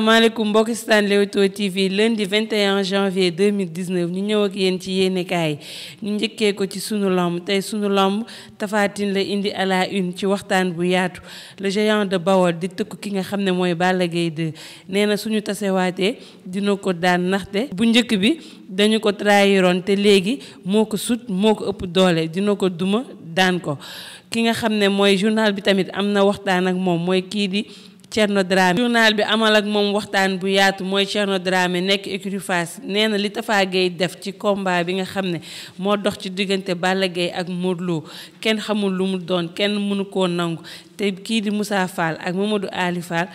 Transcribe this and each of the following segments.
maaleykum mbokki staan Leewtoo TV lundi 21 janvier 2019 ñu ñëw ak yéen ci yéenekaay ñu njëkkee ko ci suñu lamb tey suñu làmb tafaatin la indi à la une ci waxtaan bu yaatu la géant de Bawol di tëkk ki nga xam ne mooy Balla Gaye 2 nee na suñu tasewaatee dina ko daan naxte bu njëkk bi dañu ko trahiroon te léegi moo ko sut moo ko ëpp doole dina ko duma daan ko ki nga xam ne mooy journal bi tamit am na waxtaan ak moom mooy kii di Thierno Dramé journal bi amal ak moom waxtaan bu yaatu mooy Thierno Dramé nekk écurie Fass nee na li Tapha Gueye def ci komba bi nga xam ne moo dox ci diggante Balla Gaye ak Modou Lo kenn xamul lu mu doon kenn mënu koo nangu te kii di Moussa Fall ak Mamadou Ali Fall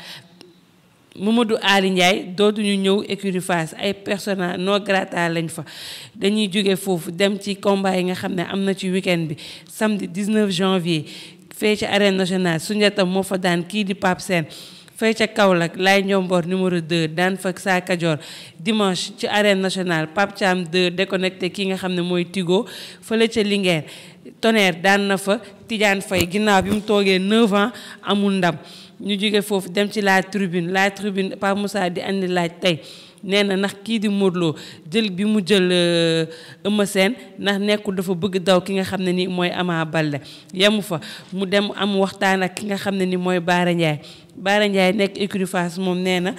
Mamadou Ali Ndiaye dootuñu ñëw écurie ay persona non grata lañ fa dañuy jóge foofu dem ci combat yi nga xam ne am na ci week bi samedi 19 janvier fee ci arène nationale Soundiata moo fa daan kii di Pape fay ca Kaolack lay Ndiomboor numéro 2 daan fak saa Kajoor dimanche ci arène nationale Pape Thiam 2 déconnecté ki nga xam ne mooy Tigo fële ca Linguère Tonnerre daan na fa Tidiane fay ginnaaw bi mu toogee 9 ans amul ndam ñu jóge foofu dem ci la tribune laa tribune Pape Moussa di andi laaj tey nee na ndax kii di Modou jël bi mu jël euh, Eumeu Sène ndax nekkul dafa bëgg daw ki nga xam ne ni mooy Ama Baldé yemu fa mu dem am waxtaan ak ki nga xam ne ni mooy Baara Ndiaye Baara Ndiaye nekk écurie Fass moom nee na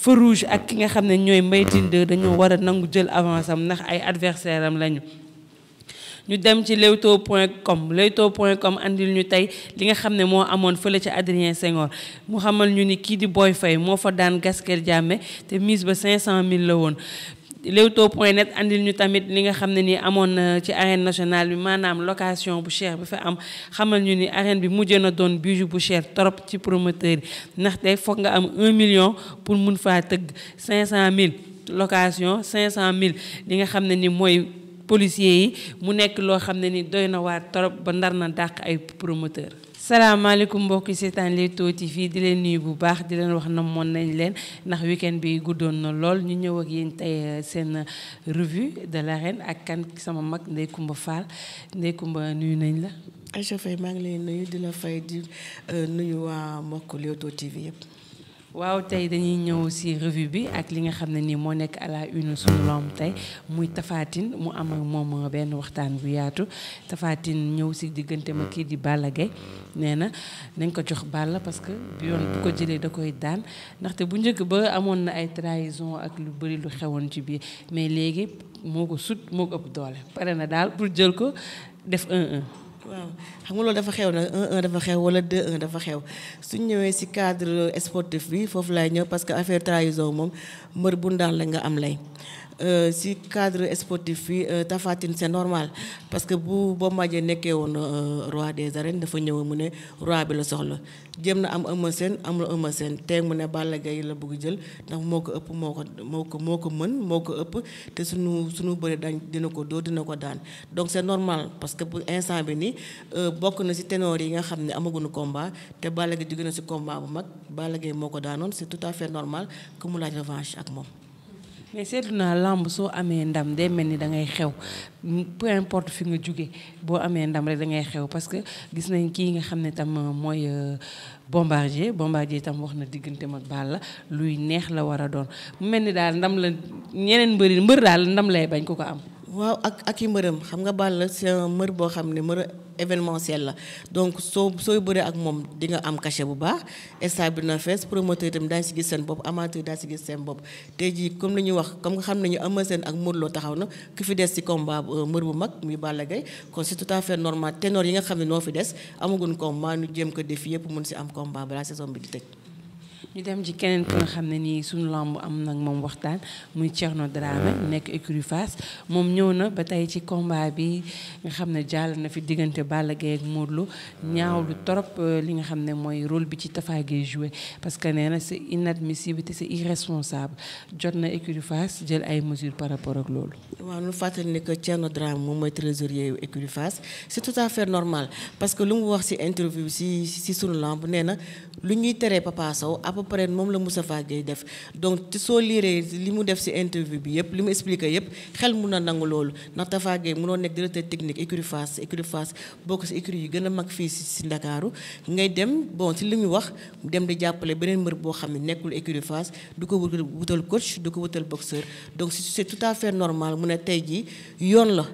Feu Rouge ak ki nga xam ne ñooy mbay Tine 2 dañoo war a nangu jël avance am ndax ay adversaire am lañu ñu dem ci leewtoo point com leewtoo point comme andil ñu tey li nga xam ne moo amoon fële ca Adrien Senghor mu xamal ñu ni kii di Boy Faye moo fa daan Gaskel jàmme te mise ba 500000 la woon. leewtoo point net andil ñu tamit li nga xam ne ni amoon na ci arène nationale bi maanaam location bu cher bi fa am xamal ñu ni arène bi mujjee na doon bijou bu cher trop ci promoteur yi ndaxte foog nga am un million pour mun faa tëgg 500000 location 500000 li nga xam ne ni mooy. policiers yi mu nekk loo xam ne ni doy na waar torop ba ndar na dàq ay promoteur salaamaaleykum mbokki seetaan Leewtoo TV di leen nuyu bu baax di leen wax na moon nañ leen ndax weekend bi guddoon na lool ñu ñëw ak yéen tey euh, seen euh, revue de l'arène ak kan sama mag ndey Coumba Fall ndey Coumba nuyu nañ la Aïcha Faye maa ngi lay nuyu di la fay di euh, nuyu waa mbokk Leewtoo TV yëpp waaw tey dañuy ñëw si revue bi ak li nga xam ne nii moo nekk à la une suñu lomb tey muy tafaatin mu am ak moom benn waxtaan bu yaatu tafaatin ñëw si diggante ma kii di Balla Gaye nee na nañ ko jox Balla parce que bi yoon bu ko jëlee da koy daan ndaxte bu njëkk ba amoon na ay trahison ak lu bëri lu xewoon ci biir mais léegi moo ko sut moo ko ëpp doole pare na daal pour jël ko def un un. waaw xam nga loolu dafa xew na dafa xew wala 2 1 dafa xew suñ ñëwee si cadre sportif bi foofu laay ñëw parce que affaire trahison moom mbër bu ndaan lañ nga am lay Euh, si cadre sportif fii euh, Tapha Tine c'est normal parce que bu Bomb Madié nekkee woon euh, roi des arènes dafa ñëw mu ne roi bi la soxla jëm na am Eumeu Sène amul Eumeu Sène tey mu ne Balla Gaye la bugg jël ndax moo ko ëpp moo ko moo ko moo ko mën moo ko ëpp te suñu suñu bëri dañ dina ko dóor dina ko daan donc c'est normal parce que bu instant bi nii bokk na si tenor yi nga xam ne amaguñu komba te Balla Gaye jóge na si combat bu mag Balla Gaye moo ko daanoon c'est tout à fait normal que mu ak moom mais seetlu naa làmb soo amee ndam day mel ni da ngay xew peu importe fi nga jóge boo amee ndam rek da ngay xew parce que gis nañ kii nga xam ne tam mooy euh, bombardier bombardier tam wax na diggante mag la luy neex la war a doon mu mel ni daal ndam la ñeneen mbëri mbër daal ndam lay bañ ko ko am waaw ak ak i mbërëm xam nga Balla c'est un mbër boo xam ne mbër événementiel la donc soo sooy bëree ak moom di nga am cachet bu baax état bi na fees promoteur itam daañu si gis seen bopp amateur daañu si gis seen bopp tey jii comme li ñuy wax comme nga xam ñu Eumeu Sène ak Modou Lo taxaw na ki fi des si combat euh, mbër bu mag muy Balla Gaye kon c'est tout à fait normal ténor yi nga xam ne noo fi des amaguñ combat ñu jéem ko def yëpp mun si am combat balaa saison bi di tëj ñu dem ci keneen ki nga xam ne nii suñu lamb am nag moom waxtaan muy Thierno Dramé ah. nekk écurie Fass moom ñëw na ba tey ci combat bi nga xam ne jàll na fi diggante Balla Gaye ak Modou Lo ñaawlu torop euh, li nga xam ne mooy rôle bi ci Tapha Gueye joué que nee na c'est inadmissible te c'est irresponsable jot na écurie Fass jël ay mesures par rapport ak loolu. waaw ñu fàttali ne que Thierno Dramé moom mooy trésorier yu tout à normal parce que lu mu wax ci interview ci ci sunu lamb nee na lu ñuy teree Papa Sow à peu moom la Moustapha Gueye def donc soo liiree li mu def ci interview bi yëpp li mu expliqué yëpp xel mun na nangu loolu ndax Tafa Gueye munoo nekk directeur technique écurie Fass écurie Fass bokk ci écurie yi gën a mag fii ci ci Ndakaaru ngay dem bon ci li muy wax dem di jàppale beneen mbër boo xam ne nekkul écurie Fass du ko wutal coach du ko wutal boxeur donc c'est tout à fait normal mu ne tey ji yoon la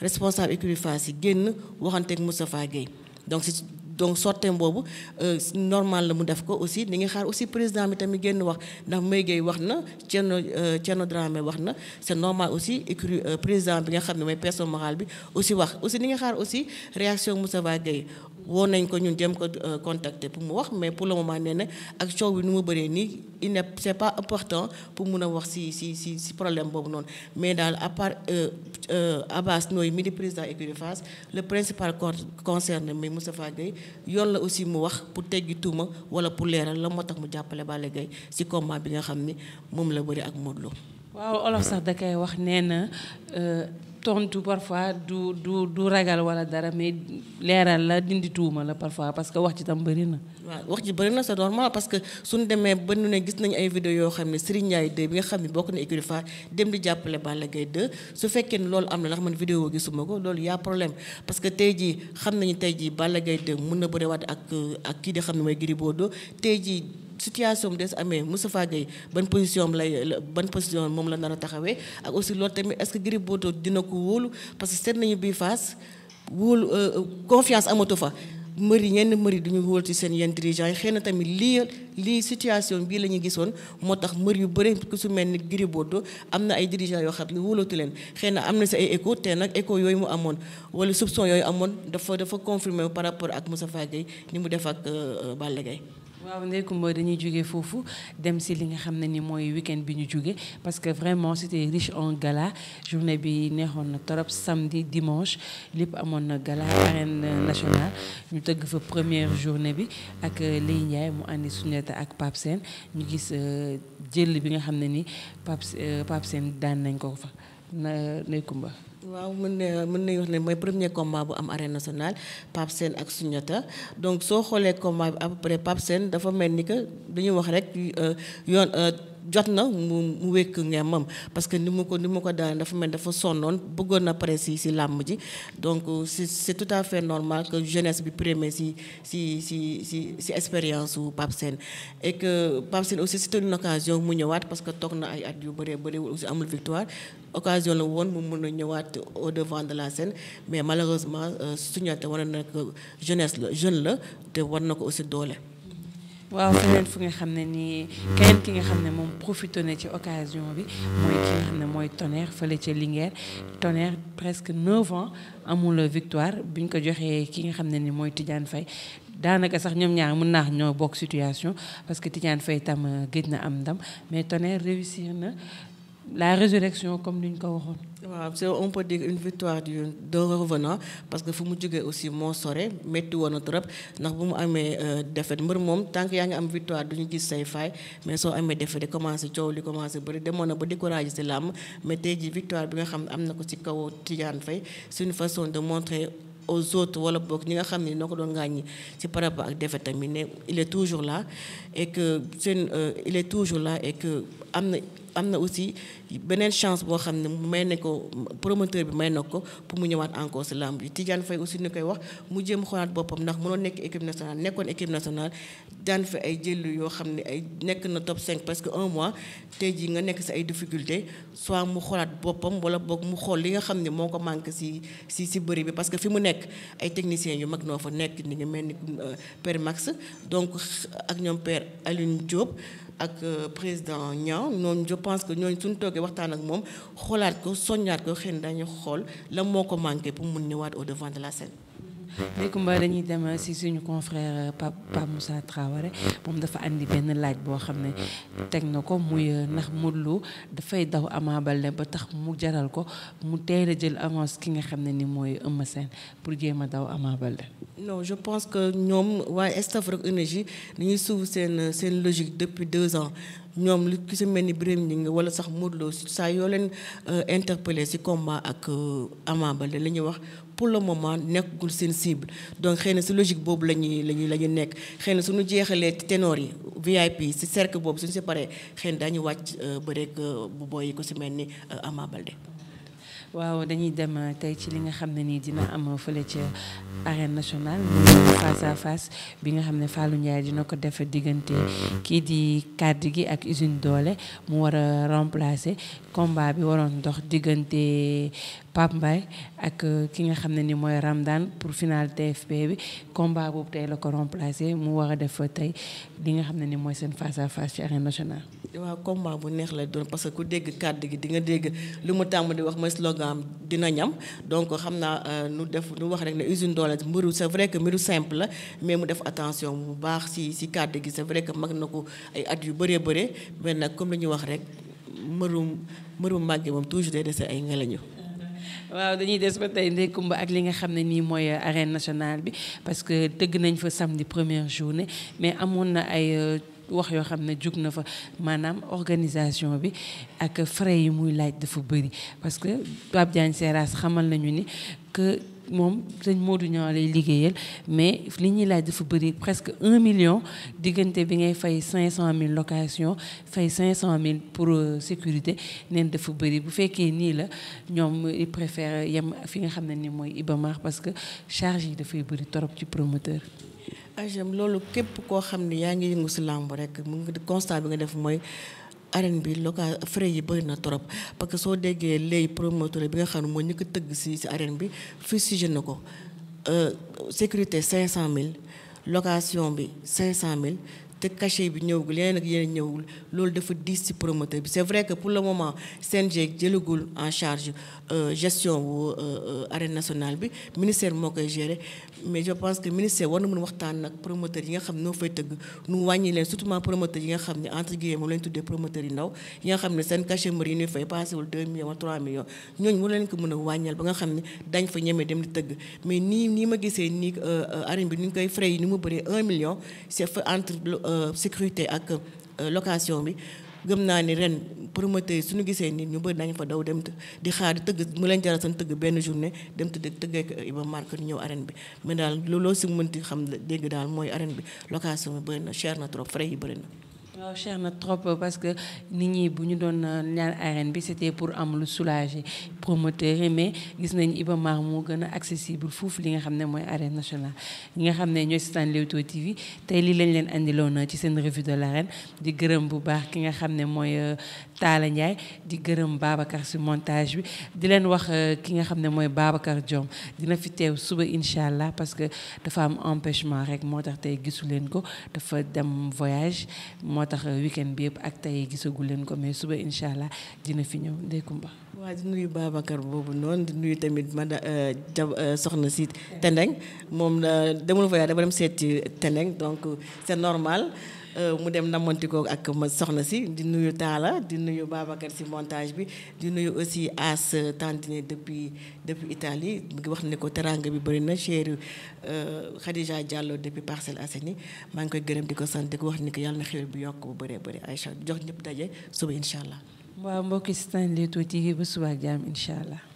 responsable écurie Fass yi génn waxanteeg Moustapha Gueye donc donc sorte boobu euh, normal la mu def ko aussi ni nga xaar aussi président bi tamit génn wax ndax Mbaye Gueye wax na Thierno euh, Thierno Dramé wax na c'est normal aussi écrit euh, président bi nga xam ne mooy personne morale bi aussi wax aussi ni nga xaar aussi réaction Moussa Gueye woo nañ ko ñun jëm ko euh, contacter pour mu wax mais pour le moment nee ak coow bi nu mu bëree nii il ne c'est pas important pour mun a wax si si si si problème boobu noonu mais daal à part euh, euh, Abbas Nooy mi di président écurie Fass le principal concern mais Moustapha Gueye yoon la aussi mu wax pour teggi tuuma wala pour leeral la moo tax mu jàppale Balla Gaye si combat bi nga xam ni moom la bëri ak Modou Lo waaw olof sax da koy wax nee tontu parfois du du du ragal wala dara mais leeral la dindi tuuma la parfois parce que wax ci tam bëri na. waa wax ji bëri na c'est normal parce que suñu demee ba nu ne gis nañu ay vidéo yoo xam ne Serigne Ndiaye 2 bi nga xam ne bokk na écurie Fass dem di jàppale Balla gay 2 su fekkee ne loolu am na ndax man vidéo gisuma ko loolu y problème parce que tey jii xam nañu tey jii Balla Gaye 2 mun na bëriwaat ak ak kii di xam ne mooy giriboo Bordeaux tey jii. situation bi des amee Moustapha Gueye ban position lay ban position moom la nar a taxawee ak aussi loolu tamit est-ce que Gris Bordeaux dina ko wóolu parce que seet nañu bii face wóolu euh, euh, confiance amatu fa mbër yi ñenn mbër yi duñu wóol ci seen yenn dirigeants yi xëy na tamit lii lii situation bii la ñu gisoon moo tax mbër yu bëri ku su mel ni Gris Bordeaux am na ay dirigeants yoo xam ne wóolatu leen xëy na am na si ay éco te nag écho yooyu mu amoon wala soupçon yooyu amoon dafa dafa confirmé par rapport ak Moustapha Gueye ni mu def ak euh, Balla Gaye waaw Ndeye Comba dañuy jóge foofu dem si li nga xam ne ni mooy week bi ñu jóge parce que vraiment c'était riche en gala journée bi neexoon na torop samedi dimanche lépp amoon na gala arène nationale ñu tëgg fa première journée bi ak euh, Leye Ndiaye mu indi Soundjata ak Pape ñu gis euh, jël bi nga xam ne ni Pape euh, Pape Sène daan nañ ko fa na Ndeye waaw mën na mën nañu wax ne mooy premier combat bu am arène nationale Pape Sène ak Suñata donc soo xoolee comment bi à peu près dafa mel ni que dañuy wax rek euh, yoon. Euh, jot na mu mu wékk ngémbam parce que ni mu ko ni mu ko daane dafa mel dafa sonnoon bëggoon na presse yi si làmb ji donc c'est c'est tout à fait normal que jeunesse bi premier si si si si si expérience su Pape Sène et que Pape Sène aussi c'était une occasion mu ñëwaat parce que toog na ay at yu bëree bëriwul aussi amul victoire occasion la woon mu mun na ñëwaat au devant de la scène mais malheureusement euh, suñu te war na nekk jeunesse la jeune la te war na ko aussi doole waaw feneen fu nga xam ne nii keneen ki nga xam ne moom profité ne ci occasion bi mooy ki nga xam ne mooy Tonnerre fële ca Linguère Tonnerre presque 9 ans amul victoire bi ñu ko joxee ki nga xam ne ni mooy Tidiane Faye daanaka sax ñoom ñaar mun naa ñoo bokk situation parce que Tidiane Faye tam euh, gëj na am ndam mais Tonnerre réussir na la résurrection comme ni ñu ko waxoon. waaw c'est on peut dire une victoire du d'un revenant parce que fu mu jógee aussi moo sore métti woon na trop ndax bu mu amee euh, défaite mbër moom tant yaa ngi am victoire du ñu gis say faay mais soo amee défaite commencé coow li commencé bëri demoon na ba découragé si làmb mais tey jii victoire bi nga xam ne am na ko si kaw tijaan Faye c'est une façon de montrer. aux autres wala boog ñi nga xam ne noo ko doon ngaaññi ci par rapport ak défaite ne il toujours là et que seen euh, il toujours là et am na am na aussi beneen chance boo xam ne may na ko promoteur bi may na ko pour mu ñëwaat encore si lamb yi Tidiane Faye aussi ni koy wax mu jéem xoolaat boppam ndax mënoon nekk équipe nationale nekkoon équipe nationale daan fi ay jëllu yoo xam ne ay nekk na top 5 parce que un mois tey jii nga nekk si ay difficulté soit mu xoolaat boppam wala boog mu xool li nga xam ne moo ko manque si si si bëri bi parce que fi mu nekk ay technicien yu mag noo fa nekk ni ngi mel ni euh, Père Max donc ak ñoom Père Alioune Diop ak euh, président Niang ñooñu je pense que ñooñu suñu toogee waxtaan ak moom xoolaat ko soññaat ko xëy na dañu xool la moo ko manqué pour mun ñëwaat au devant de la scène Kumba dañuy dem si suñu confrère euh, Pape Pape Moussa Traoré moom dafa andi benn laaj boo xam ne teg na ko muy euh, ndax Modou Lo dafay daw Ama Baldé ba tax mu jaral ko mu teel a jël avance ki nga xam ne ni mooy Eumeu Sène pour jéem a daw Ama Baldé. non je pense que ñoom waa staff Rock Énergie dañuy suivre seen euh, seen logique depuis deux ans. ñoom li ki si mel ni Birame Gningue wala sax Modou Lo saa yoo leen euh, interpellé si combat ak euh, Ama Baldé la ñuy wax pour le moment nekkul seen cible donc xëy na si logique boobu la ñuy la ñuy la ñuy nekk xëy na suñu jeexalee ténor yi VIP si cercle boobu suñu séparé xëy na daañu wàcc euh, ba rek bu boy yi ko si mel ni Ama Baldé waaw dañuy dem euh, tey ci li nga xam ne nii dina am fële ci arène nationale muy bi nga xam ne Fallou Ndiaye dina ko def diggante kii di kàddu gi ak usine doole mu war a remplacer combat bi waroon dox diggante Pape Mbaye ak euh, ki nga xam ne ni mooy Ramdan pour finale TFP bi combat boobu tey la ko remplacer mu war a def tey li nga xam ne ni mooy seen face à face ci arène nationale. waaw combat bu neex lay doon parce que ku dégg kàddu gi di nga dégg lu mu tàmm di wax mooy slogan dina ñam donc xam naa euh, nu def nu wax rek ne usine doole mbiru c'est vrai que mbiru simple la mais mu def attention bu baax si si kàddu gi sa vrai que mag na ko ay at yu bëree bëree mais nag comme lu ñu wax rek mbërum mbërum màgge moom toujours day dese ay ngelañu waaw dañuy des ba tey Ndeye Comba ak li nga xam ne nii mooy arène nationale bi parce que tëgg nañ fa samedi première journée mais amoon na ay euh, wax yoo xam ne jug na fa maanaam organisation bi ak frais yi muy laaj dafa bëri parce que Pape Diagne xamal nañu ni que moom sëñ Modou Niang lay liggéeyal mais li ñuy laaj dafa bëri presque un million diggante bi ngay fay cinq cent mille location fay cinq cent mille pour euh, sécurité neen dafa bëri bu fekkee nii la ñoom i yem fi nga xam ne ni mooy Ibamar parce que charge yi dafay bëri torop ci promoteur agem loolu képp koo xam ne yaa ngi yëngu si làmb rek nga di constat bi nga def mooy arène bi local frais yi bëri na trop parce que soo déggee léegi promoteur bi nga xam ne mooy ñëkk tëgg si si arène bi fii sujet na ko euh, sécurité cinq cent mille location bi cinq cent mille te cachet bi ñëwagul yeneen ak yeneen ñëwul loolu dafa diis ci promoteur bi c'est vrai que pour le moment CNG jëlagul en charge euh, gestion wu euh, euh, arène nationale bi ministère moo koy gérer mais je pense que ministère war na mën waxtaan nag promoteur yi nga xam ne noo fay tëgg nu wàññi leen surtout promoteur nga xam ne entre guillemets moom lañ tuddee promoteur yi ndaw yi nga xam ne seen cachet mbër yi ñuy fay passewul 2 millions wala 3 millions ñooñu mu leen ko mën a wàññal ba nga xam ne dañ nii nii ma gisee nii arène bi ni ñu koy frais yi ni mu bëree 1 Euh, sécurité ak euh, location bi gëm naa ni ren promoteur yi nu gisee nit ñu bëri nañu fa daw dem di xaar tëgg mu leen jaral seen tëgg benn journée dem tëdd tëggeek Iba Mar ñu ñëw arène bi mais daal looloo si mënti xam dégg daal mooy arène bi location bi bëri na na trop frais yi bëri na non cher na trop parce que nit ñi bu ñu doon euh, ñaan arène bi c'était pour am lu soulager promoteur yi mais gis nañ Iba Mar moo gën a accessible foofu li nga xam ne mooy arène nationale ñi nga xam ne ñooy seetaan Leewtoo TV tey lii lañ leen andiloon euh, ci seen revue de l'arène di gërëm bu baax ki nga xam ne mooy euh, Talla Ndiaye di gërëm Babacar si montage bi di leen wax euh, ki nga xam ne mooy Babacar Diom dina fi teew suba incha allah parce que dafa am empêchement rek moo tax tey gisu leen ko dafa dem voyage moo tax euh, weekend bi yëpp ak tey gisagu leen ko mais suba incha allah dina fi ñëw Ndeye Comba waa di nuyu Babacar boobu noonu di nuyu tamit mada euh, euh, soxna si Tendeng moom euh, demul voyage dama dem seeti Tendeng donc c'est normal mu dem namantikoo ak ma soxna si di nuyu Talla di nuyu Babacar si montage bi di nuyu aussi As Tantine depuis depuis Italie mu ngi wax ne ko teranga bi bari na chéri Khadija Diallo depuis Parcelles Assainies maa ngi koy gërëm di ko sant di ko wax ni ko yàlla na xewal bi yokk bu bëree bëri Aïcha jox ñëpp daje suba incha allah. waaw mbokki Stanley Leewtoo TV ba suba ak jàmm incha allah.